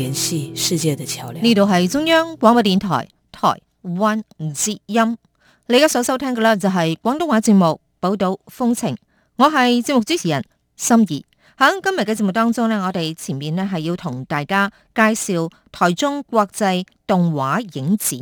聯繫世界的橋樑。呢度係中央廣播電台台灣之音，你而家所收聽嘅咧就係廣東話節目《寶島風情》，我係節目主持人心儀。喺今日嘅節目當中呢，我哋前面呢係要同大家介紹台中國際動畫影展，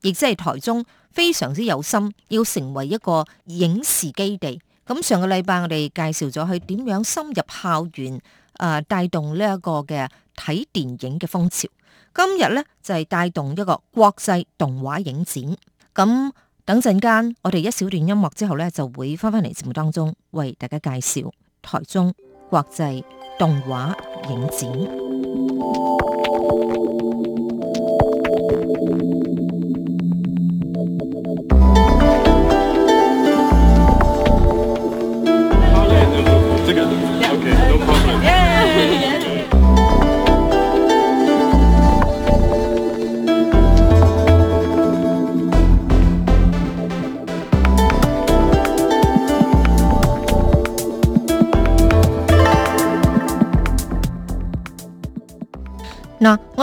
亦即係台中非常之有心要成為一個影視基地。咁上個禮拜我哋介紹咗佢點樣深入校園。啊！帶動呢一個嘅睇電影嘅風潮，今日呢就係帶動一個國際動畫影展。咁等陣間，我哋一小段音樂之後呢，就會翻返嚟節目當中，為大家介紹台中國際動畫影展。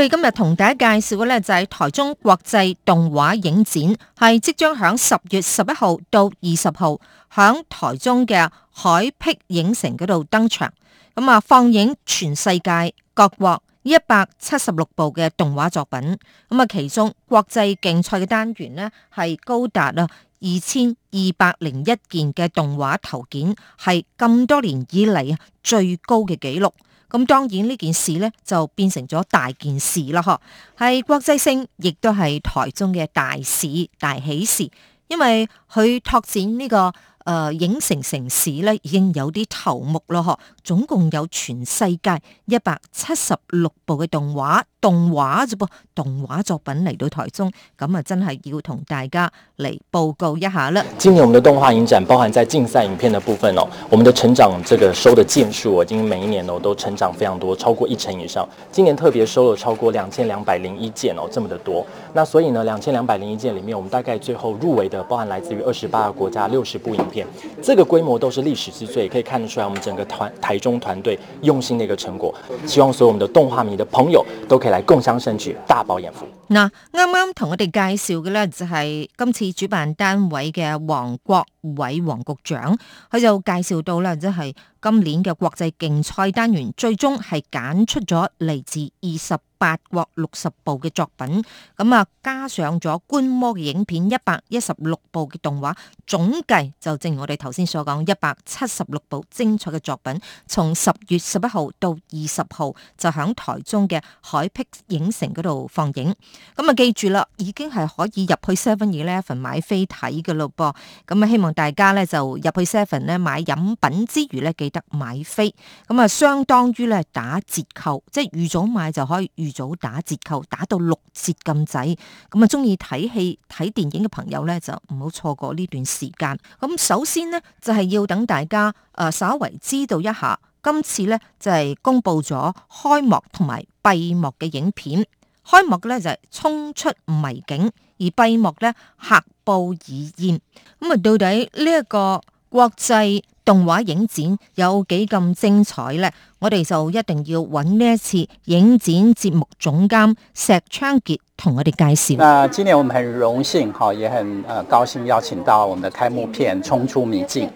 我哋今日同大家介紹嘅咧就係台中國際動畫影展，係即將響十月十一號到二十號響台中嘅凱擘影城嗰度登場。咁啊，放映全世界各國一百七十六部嘅動畫作品。咁啊，其中國際競賽嘅單元呢，係高達啊二千二百零一件嘅動畫投件，係咁多年以嚟啊最高嘅紀錄。咁當然呢件事咧就變成咗大件事喇，嗬！係國際性，亦都係台中嘅大事、大喜事，因為佢拓展呢個。呃、影城城市咧已經有啲頭目咯嗬，總共有全世界一百七十六部嘅動畫，動畫啫噃，動畫作品嚟到台中，咁啊真係要同大家嚟報告一下啦。今年我們的動畫影展包含在競賽影片的部分哦，我們的成長這個收的件數已經每一年哦都成長非常多，超過一成以上。今年特別收了超過兩千兩百零一件哦，這麼的多。那所以呢，兩千兩百零一件裡面，我們大概最後入圍的包含來自於二十八個國家、六十部影片。這個規模都是歷史之最，可以看得出來我們整個團台中團隊用心的一個成果。希望所有我們的動畫迷的朋友都可以來共襄盛舉，大飽眼福。嗱，啱啱同我哋介紹嘅呢就係今次主辦單位嘅黃國瑋黃局長，佢就介紹到啦，即係。今年嘅國際競賽單元最終係揀出咗嚟自二十八國六十部嘅作品，咁啊加上咗觀摩嘅影片一百一十六部嘅動畫，總計就正如我哋頭先所講，一百七十六部精彩嘅作品，從十月十一號到二十號就響台中嘅凱擘影城嗰度放映。咁啊，記住啦，已經係可以入去 Seven Eleven 買飛睇噶咯噃。咁啊，希望大家咧就入去 Seven 咧買飲品之餘咧嘅。得買飛咁啊，相當於咧打折扣，即係預早買就可以預早打折扣，打到六折咁滯。咁啊，中意睇戲睇電影嘅朋友咧，就唔好錯過呢段時間。咁首先呢，就係要等大家誒，稍為知道一下，今次咧就係公布咗開幕同埋閉幕嘅影片。開幕嘅咧就係《衝出迷境》，而閉幕咧《喀布爾之燕》。咁啊，到底呢、這、一個？國際動畫影展有幾咁精彩呢？我哋就一定要搵呢一次影展節目總監石昌杰同我哋介紹。那今年我們很榮幸，也很高興邀請到我們的開幕片《衝出迷境》。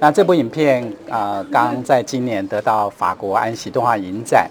那這部影片啊，呃，剛在今年得到法國安錫動畫影展。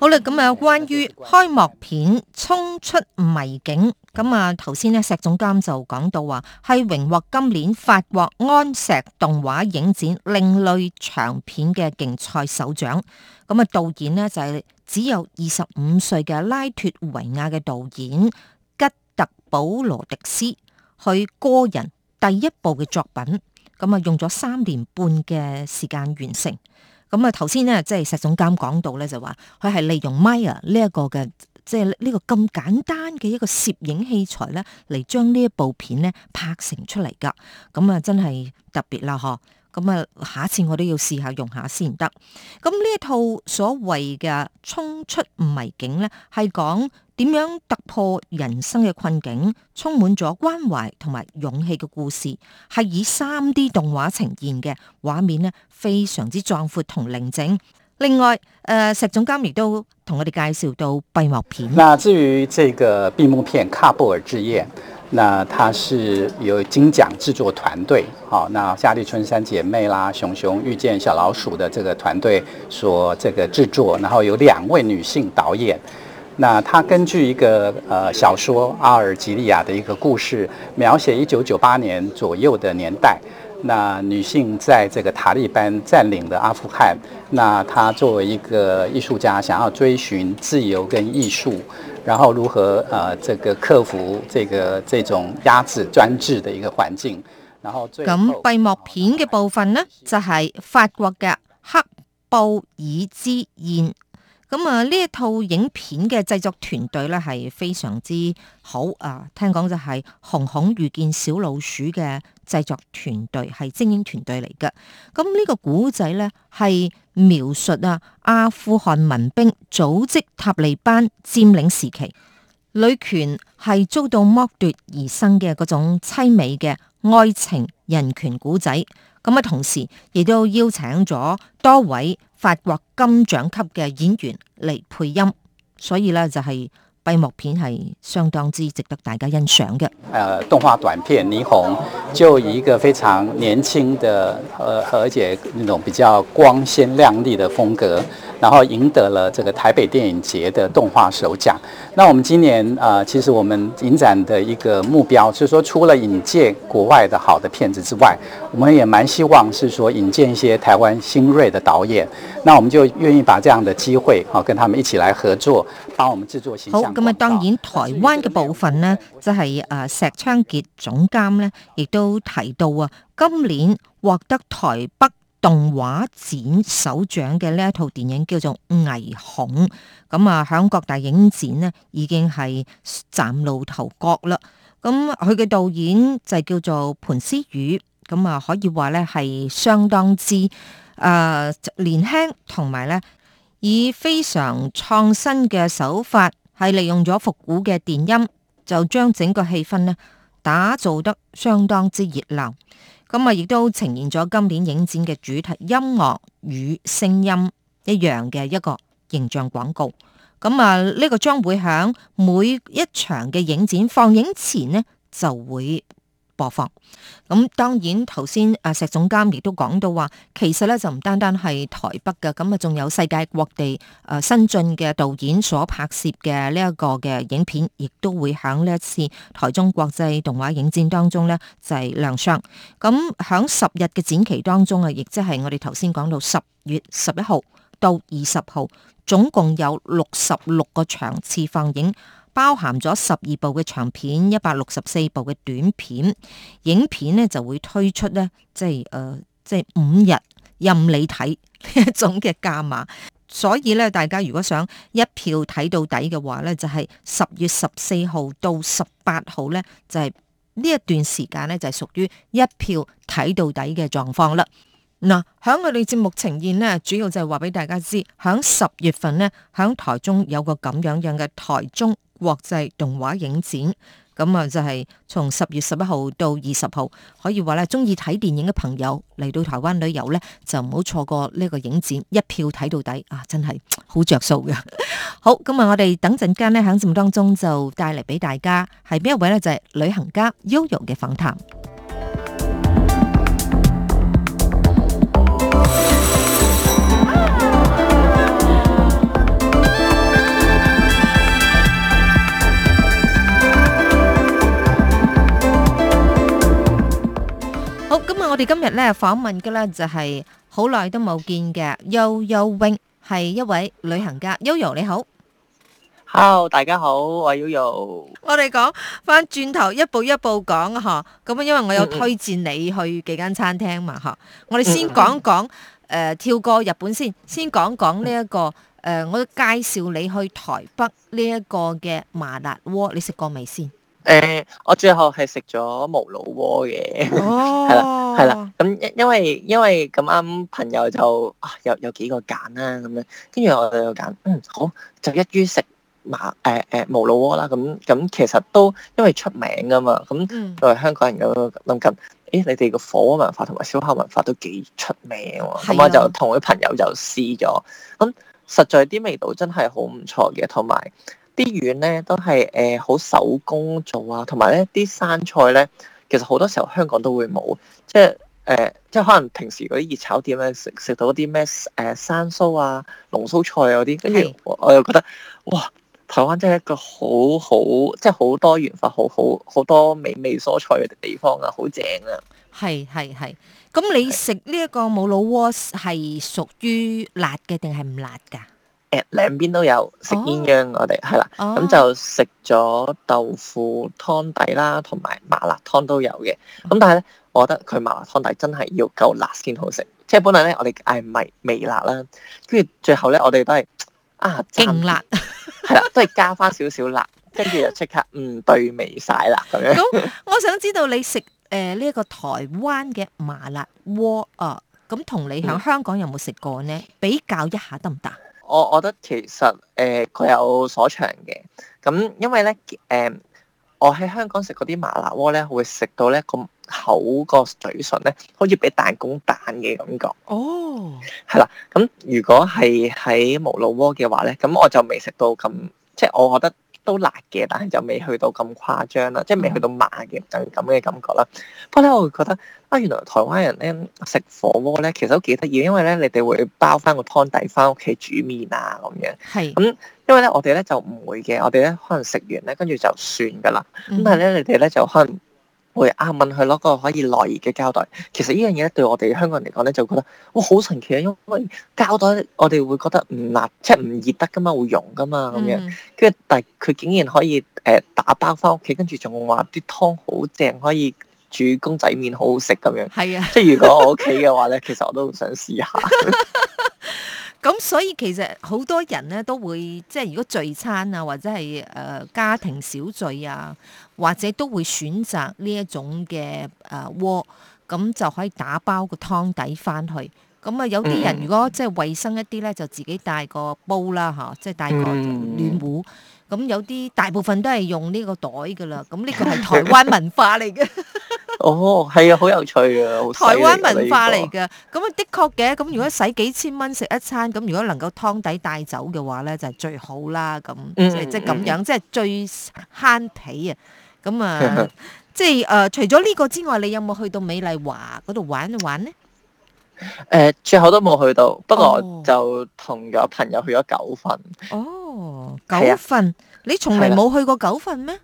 好啦，咁啊，關於開幕片《衝出迷境》，咁啊，頭先呢，石總監就講到話係榮獲今年法國安石動畫影展另類長片嘅競賽首獎。咁啊，導演呢就係只有二十五歲嘅拉脫維亞嘅導演吉特·保羅迪斯，佢個人第一部嘅作品，咁啊，用咗三年半嘅時間完成。咁啊，頭先咧，即係石總監講到咧，就話佢係利用咪啊呢一個嘅，即係呢個咁簡單嘅一個攝影器材咧，嚟將呢一部片咧拍成出嚟噶。咁啊，真係特別啦，嗬！咁啊，下一次我都要試下用下先得。咁呢一套所謂嘅《衝出迷境》咧，係講，點樣突破人生嘅困境，充滿咗關懷同埋勇氣嘅故事，係以三 D 動畫呈現嘅畫面咧，非常之壯闊同寧靜。另外，誒、呃、石總監亦都同我哋介紹到閉幕片。那至於這個閉幕片《喀布爾之燕》，那它是由金獎製作團隊，好，夏利春山姐妹啦，《熊熊遇見小老鼠》的這個團隊所這個製作，然後有兩位女性導演。那他根據一個，呃，小說阿爾及利亞的一個故事，描寫一九九八年左右的年代，那女性在這個塔利班佔領的阿富汗，那她作為一個藝術家，想要追尋自由跟藝術，然後如何，呃，這個克服這個這種壓制專制的一個環境，然後最後咁閉幕片嘅部分呢，就係法國嘅喀布爾之燕。咁啊，呢一套影片嘅製作團隊咧係非常之好啊，聽講就係《熊熊遇見小老鼠》嘅製作團隊，係精英團隊嚟嘅。咁、這、呢個古仔咧係描述啊阿富汗民兵組織塔利班佔領時期，女權係遭到剝奪而生嘅嗰種凄美嘅愛情人權古仔。咁啊，同時亦都邀請咗多位法國金獎級嘅演員嚟配音，所以咧就係、係。開幕片係相當之值得大家欣賞嘅。誒，動畫短片《霓虹》就以一個非常年輕的誒、呃，而且那種比較光鮮亮麗的風格，然後贏得了這個台北電影節的動畫首獎。那我們今年誒、呃，其實我們影展的一個目標，就是說除了引介國外的好的片子之外，我們也蠻希望是說引介一些台灣新銳的導演。那我們就願意把這樣的機會，啊，跟他們一起來合作，幫我們製作形象。咁啊，當然台灣嘅部分呢，即係誒石昌傑總監呢，亦都提到啊，今年獲得台北動畫展首獎嘅呢一套電影叫做《危恐》。咁、嗯、啊，響各大影展呢，已經係嶄露頭角啦。咁佢嘅導演就叫做盤思宇。咁、嗯、啊可以話咧係相當之誒、呃、年輕，同埋咧以非常創新嘅手法。係利用咗復古嘅電音，就將整個氣氛呢打造得相當之熱鬧。咁啊，亦都呈現咗今年影展嘅主題——音樂與聲音一樣嘅一個形象廣告。咁啊，呢個將會喺每一場嘅影展放映前呢就會播放。咁，當然頭先啊石總監亦都講到話，其實咧就唔單單係台北嘅，咁啊仲有世界各地誒新進嘅導演所拍攝嘅呢一個嘅影片，亦都會喺呢一次台中國際動畫影展當中咧就係亮相。咁喺十日嘅展期當中啊，亦即係我哋頭先講到十月十一號到二十號，總共有六十六個場次放映。包含咗十二部嘅長片，一百六十四部嘅短片，影片咧就會推出咧，即係誒、呃，即係五日任你睇呢一種嘅加碼。所以咧，大家如果想一票睇到底嘅話咧，就係十月十四號到十八號咧，就係呢一段時間咧就係屬於一票睇到底嘅狀況啦。嗱，喺我哋節目呈現咧，主要就係話俾大家知，喺十月份咧，喺台中有個咁樣樣嘅台中。國際動畫影展，咁啊，就係從十月十一號到二十號，可以話咧，中意睇電影嘅朋友嚟到台灣旅遊呢，就唔好錯過呢個影展，一票睇到底啊，真係好着數嘅。 好，咁啊，我哋等陣間咧喺節目當中就帶嚟俾大家係邊一位呢？就係、是、旅行家悠悠嘅訪談。我哋今日咧訪問嘅咧就係好耐都冇見嘅悠悠 Wing 係一位旅行家。悠悠你好，Hello 大家好，我係悠悠。我哋講翻轉頭一步一步講吓，咁、啊、因為我有推薦你去幾間餐廳嘛吓，我哋先講講誒跳過日本先，先講講呢一個誒、呃，我介紹你去台北呢一個嘅麻辣鍋，你食過未先？誒、欸，我最後係食咗無腦鍋嘅，係啦、哦，係啦， 咁因因為因為咁啱朋友就，啊、有有幾個揀啦、啊，咁樣，跟住我哋就揀，嗯好，就一於食麻，誒、欸、誒、欸、無腦鍋啦，咁咁其實都因為出名噶嘛，咁作、嗯、香港人有諗緊，誒、欸、你哋個火鍋文化同埋燒烤文化都幾出名喎、啊，咁的我就同我啲朋友就試咗，咁、嗯、實在啲味道真係好唔錯嘅，同埋。啲丸咧都係誒好手工做啊，同埋咧啲生菜咧，其實好多時候香港都會冇，即係誒、呃，即係可能平時嗰啲熱炒店咧食食到一啲咩誒山蘇啊、龍鬚菜啊嗰啲，跟住是我又覺得哇，台灣真係一個好好即係好多元化、好好好多美味蔬菜嘅地方啊，好正啊！係係係，咁你食呢一個冇老鍋係屬於辣嘅定係唔辣㗎？誒兩邊都有食鴛鴦，我哋係啦，咁就食咗豆腐湯底啦，同埋麻辣湯都有嘅。咁但係咧，我覺得佢麻辣湯底真係要夠辣先好食。即係本嚟咧，我哋嗌唔係微辣啦，跟住最後咧，我哋都係啊勁辣，係啦，都係加翻少少辣，跟住就即刻唔對味晒啦咁樣。咁我想知道你食誒呢一個台灣嘅麻辣鍋啊，咁同你喺香港有冇食過呢？比較一下得唔得？我覺得其實誒各、呃、有所長嘅。咁、嗯、因為咧誒、嗯，我喺香港食嗰啲麻辣鍋咧，會食到咧個口個嘴唇咧，好似俾彈弓彈嘅感覺。哦，係啦，咁、嗯、如果係喺無腦鍋嘅話咧，咁我就未食到咁，即、就、係、是、我覺得。都辣嘅，但係就未去到咁誇張啦，嗯、即係未去到麻嘅咁嘅感覺啦。不過咧，我會覺得啊，原來台灣人咧食火鍋咧，其實都幾得意，因為咧你哋會包翻個湯底翻屋企煮麵啊咁樣。係咁是、嗯，因為咧我哋咧就唔會嘅，我哋咧可能食完咧跟住就算噶啦。咁但係咧你哋咧就可能。會啊，問佢攞個可以耐熱嘅膠袋。其實呢樣嘢咧，對我哋香港人嚟講咧，就覺得哇好神奇啊，因為膠袋我哋會覺得唔辣即係唔熱得噶嘛，會溶噶嘛咁、嗯、樣。跟住，但係佢竟然可以誒、呃、打包翻屋企，跟住仲會話啲湯好正，可以煮公仔麵好好食咁樣。係啊，即係如果我屋企嘅話咧， 其實我都好想試下。 咁所以其實好多人咧都會，即係如果聚餐啊或者係誒家庭小聚啊，或者都會選擇呢一種嘅誒鍋，咁就可以打包個湯底返去。咁啊有啲人如果即係衞生一啲咧，就自己帶個煲啦吓，即係帶個暖壺。咁有啲大部分都係用呢個袋㗎喇，咁呢個係台灣文化嚟嘅。 哦，係啊，好有趣啊！台灣文化嚟噶，咁啊的確嘅。咁如果使幾千蚊食一餐，咁如果能夠湯底帶走嘅話咧，就係、是、最好啦。咁即係即係咁樣，即係、嗯、最慳皮啊！咁 啊，即係誒，除咗呢個之外，你有冇去到美麗華嗰度玩一玩呢？誒，最後都冇去到，不過就同咗朋友去咗九份。哦，九份，你從來冇去過九份咩？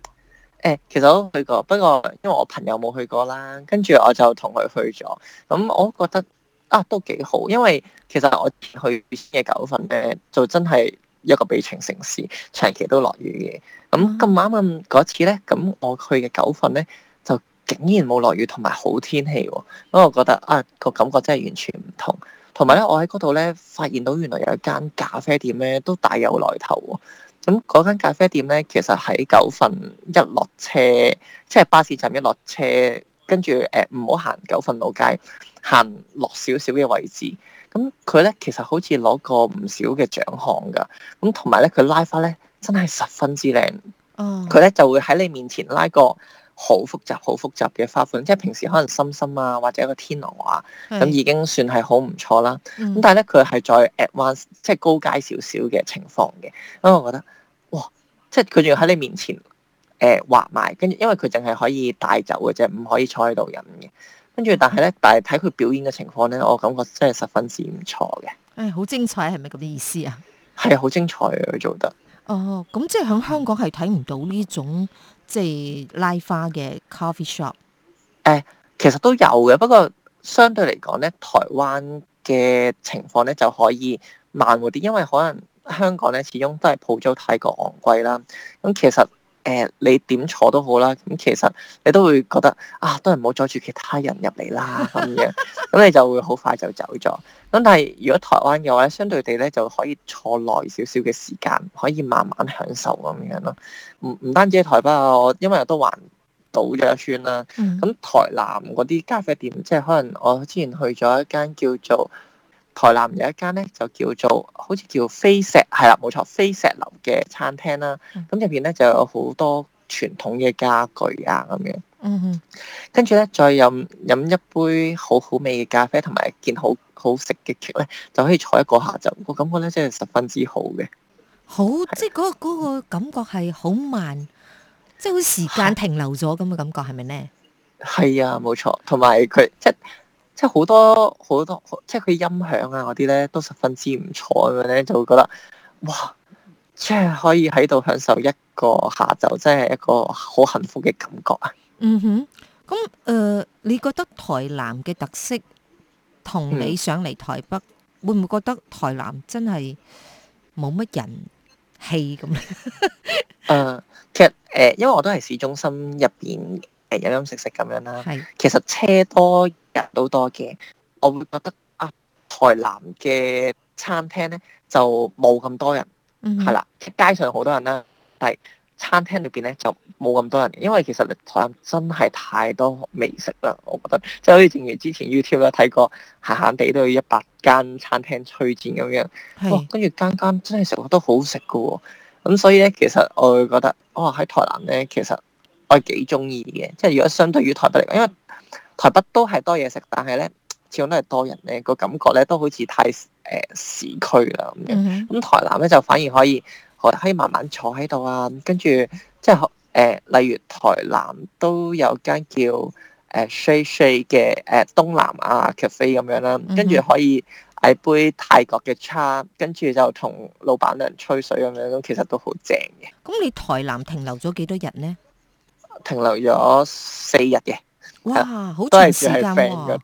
誒，其實我都去過，不過因為我朋友冇去過啦，跟住我就同佢去咗。咁我都覺得啊，都幾好，因為其實我去嘅九份咧，就真係一個悲情城市，長期都落雨嘅。咁咁啱啱嗰次咧，咁我去嘅九份咧，就竟然冇落雨，同埋好天氣，哦。咁我覺得啊，那個感覺真係完全唔同。同埋咧，我喺嗰度咧，發現到原來有一間咖啡店咧，都大有來頭，哦。咁嗰間咖啡店咧，其實喺九份一落車，即係巴士站一落車，跟住，誒唔好行九份老街，行落少少嘅位置。咁佢咧，其實好似攞過唔少嘅獎項㗎。咁同埋咧，佢拉花咧，真係十分之靚。嗯，佢咧就會喺你面前拉個。好複雜、好複雜嘅花款，即係平時可能心深，深啊，或者一個天鵝啊，咁是已經算係好唔錯啦。咁、嗯、但係咧，佢係再 advanced 即係高階少少嘅情況嘅。咁我覺得，哇！即係佢仲要喺你面前誒、呃、畫埋，跟住因為佢淨係可以帶走嘅啫，唔可以坐喺度飲嘅。跟住，嗯、但係咧，但係睇佢表演嘅情況咧，我感覺真係十分之唔錯嘅。誒、哎，好精彩係咪咁嘅意思啊？係好精彩啊！佢做得。哦，咁即係喺香港係睇唔到呢種。即係拉花嘅 coffee shop，誒，其實都有嘅，不過相對嚟講咧，台灣嘅情況咧就可以慢活啲，因為可能香港咧始終都係鋪租太過昂貴啦。咁、嗯、其實誒、欸，你點坐都好啦，咁、嗯、其實你都會覺得啊，都係唔好阻住其他人入嚟啦咁 樣，咁、嗯、你就會好快就走咗。咁但係如果台灣嘅話，相對地咧就可以坐耐少少嘅時間，可以慢慢享受咁樣咯。唔唔單止係台北，我因為我都環島咗一圈啦。咁、嗯、台南嗰啲咖啡店，即係可能我之前去咗一間叫做台南有一間咧，就叫做好似叫飛石係啦，冇、啊、錯，飛石樓嘅餐廳啦。咁入邊咧就有好多傳統嘅家具啊咁樣。嗯哼跟住咧再飲飲一杯好好味嘅咖啡，同埋一件好。好食嘅劇咧，就可以坐一個下晝，個感覺咧真係十分之好嘅。好，即係嗰嗰個感覺係好慢，即係好時間停留咗咁嘅感覺，係咪咧？係啊，冇錯。同埋佢即即好多好多，即係佢音響啊嗰啲咧都十分之唔錯咁樣咧，就會覺得哇，即係可以喺度享受一個下晝，即係一個好幸福嘅感覺啊。嗯哼，咁誒、呃，你覺得台南嘅特色？同你上嚟台北，嗯、會唔會覺得台南真係冇乜人氣咁咧？誒、 呃，其實誒、呃，因為我都係市中心入邊誒飲飲食食咁樣啦。係是，其實車多人都多嘅，我會覺得啊、呃，台南嘅餐廳咧就冇咁多人，係、嗯、哼啦，街上好多人啦，但係，餐廳裏邊咧就冇咁多人，因為其實你台南真係太多美食啦，我覺得，即係好似正如之前 YouTube 咧睇過，閒閒地都有一百間餐廳推薦咁樣，跟住間間真係食都好食嘅喎，咁所以咧其實我會覺得，哇！喺台南咧其實我係幾中意嘅，即係如果相對於台北嚟講，因為台北都係多嘢食，但係咧始終都係多人咧、個感覺咧都好似太誒、呃、市區啦咁樣，咁、嗯、哼台南咧就反而可以。可以慢慢坐喺度啊，跟住即係誒，例如台南都有間叫誒 Shay Shay 嘅誒東南亞 cafe 咁樣啦，跟住可以嗌杯泰國嘅茶，跟住就同老闆娘吹水咁樣，都其實都好正嘅。咁你台南停留咗幾多日呢？停留咗四日嘅。哇，好長時間喎！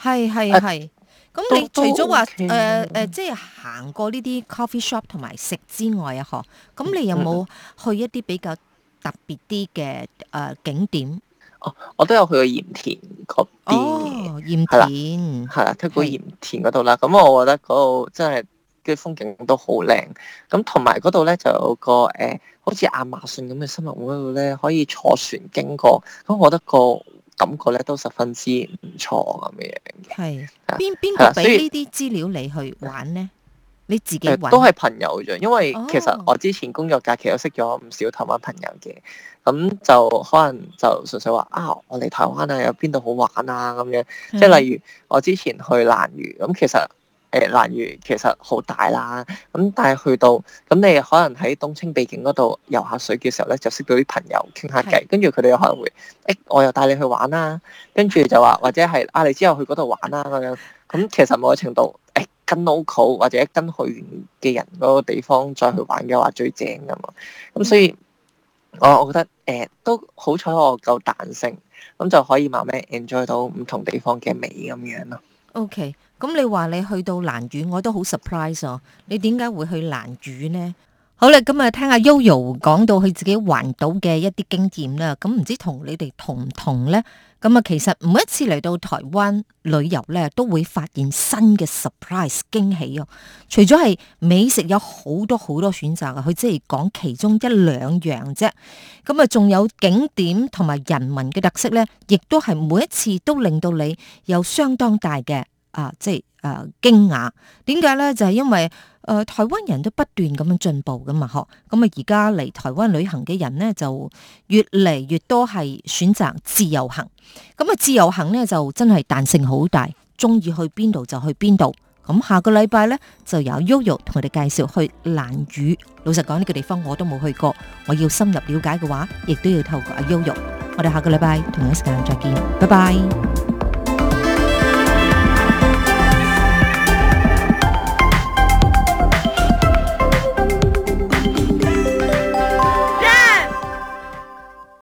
係係係。咁你除咗話誒誒，即係行過呢啲 coffee shop 同埋食之外啊，嗬，咁你有冇去一啲比較特別啲嘅誒景點？哦，我都有去過鹽田嗰邊，係、哦、鹽田，係啦，去過鹽田嗰度啦。咁的我覺得嗰度真係嘅風景都好靚。咁同埋嗰度咧就有個誒、呃，好似亞馬遜咁嘅生物區度咧，可以坐船經過。咁我覺得個。感覺咧都十分之唔錯咁嘅樣，係邊邊個俾呢啲資料你去玩咧？是你自己都係朋友啫，因為其實我之前工作假期都識咗唔少台灣朋友嘅，咁就可能就純粹話啊，我嚟台灣啊，有邊度好玩啊咁樣，即係的例如我之前去蘭嶼咁，其實。誒蘭嶼其實好大啦，咁但係去到咁，你可能喺東清秘境嗰度遊下水嘅時候咧，就識到啲朋友傾下偈，是的 跟住佢哋又可能會，誒、欸、我又帶你去玩啦，跟住就話或者係啊你之後去嗰度玩啦咁樣，咁其實某程度誒、欸、跟 local 或者跟去嘅人嗰個地方再去玩嘅話最正噶嘛，咁所以我我覺得誒、欸、都好彩我夠彈性，咁就可以慢慢 enjoy 到唔同地方嘅美咁樣咯。OK，咁你話你去到蘭嶼，我都好 surprise 哦。你點解會去蘭嶼呢？好啦，咁、嗯、啊、嗯，聽阿 Yoyo 講到佢自己環島嘅一啲經驗啦。咁、嗯、唔知你同你哋同唔同呢？咁啊，其實每一次嚟到台灣旅遊咧，都會發現新嘅 surprise 驚喜哦。除咗係美食有好多好多選擇啊，佢即係講其中一兩樣啫。咁啊，仲有景點同埋人民嘅特色咧，亦都係每一次都令到你有相當大嘅。啊，即係啊、呃，驚訝點解呢？就係、是、因為誒、呃，台灣人都不斷咁樣進步㗎嘛，嗬。咁啊，而家嚟台灣旅行嘅人呢，就越嚟越多係選擇自由行。咁、嗯、啊，自由行呢，就真係彈性好大，鍾意去邊度就去邊度。咁、嗯、下個禮拜呢，就有 Yoyo 同佢哋介紹去蘭嶼。老實講，呢、這個地方我都冇去過，我要深入了解嘅話，亦都要透過阿 Yoyo。我哋下個禮拜同一時間再見，拜拜。